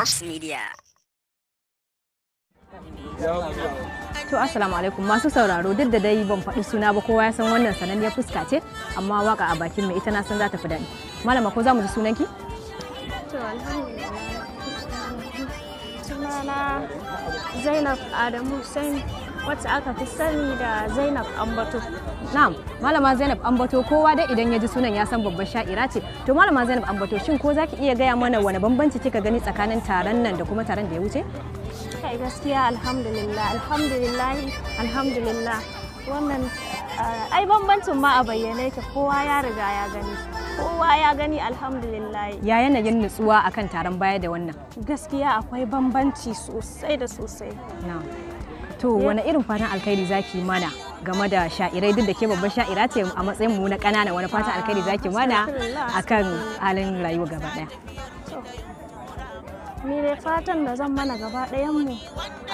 House Media. To Assalamu alaikum masu sauraro duk da dai ban faɗi suna ba kowa ya san wannan sananniyar fuska ce amma waka a bakin mai ita na san za ta fi daɗi. Malama ko za mu ji sunan To alhamdulillah. Sunana Zainab Adamu Sani. wacce aka fi sani da Zainab Ambato. Na'am, Malama Zainab Ambato kowa dai idan ya ji sunan ya san babbar sha'ira ce. To Malama Zainab Ambato shin ko zaki iya gaya mana wani bambanci kika gani tsakanin taron nan da kuma taron da ya wuce? Kai gaskiya alhamdulillah, alhamdulillah, alhamdulillah. Wannan eh, ai bambancin ma a bayyane ta kowa ya riga ya gani. Kowa ya gani alhamdulillah. Ya yanayin nutsuwa akan taron baya da wannan? Gaskiya akwai bambanci sosai da sosai. Na'am. To wani irin fatan alkhairi zaki mana game da sha'irai duk da ke babban sha'ira ce a matsayin mu na kanana wani fatan alkhairi zaki mana akan halin rayuwa gaba ɗaya. Ni dai fatan da zan mana gaba ɗayan mu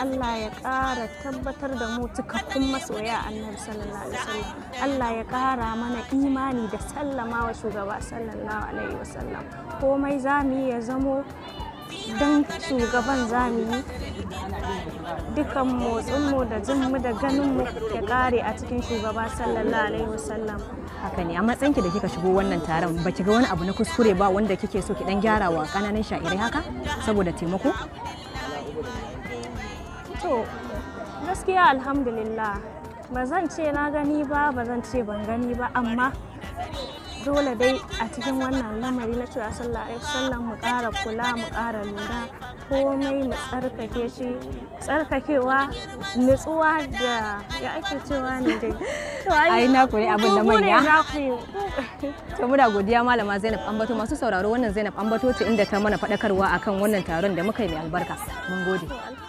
Allah ya ƙara tabbatar da mu cikakkun masoya annabi sallallahu alaihi wasallam. Allah ya ƙara mana imani da sallama wa shugaba sallallahu alaihi wasallam. Komai zamu ya zamo dan shugaban zamu yi dukan motsinmu da jinmu da ganinmu ya kare a cikin shugaba sallallahu alaihi wasallam haka ne a matsayinki da kika shigo wannan taron baki ga wani abu na kuskure ba wanda kike so ki dan gyara wa kananan sha'irai haka saboda taimako to gaskiya alhamdulillah ba zan ce na gani ba ba zan ce ban gani ba amma dole dai a cikin wannan lamari na cewa sallah eh, sallan mu ƙara kula mu ƙara lura komai mu tsarkake shi tsarkakewa nutsuwa da ya ake cewa ne dai ai na ku abin da manya to muna godiya malama Zainab Ambato masu sauraro wannan Zainab Ambato ce inda ta mana faɗakarwa akan wannan taron da muka yi mai albarka mun gode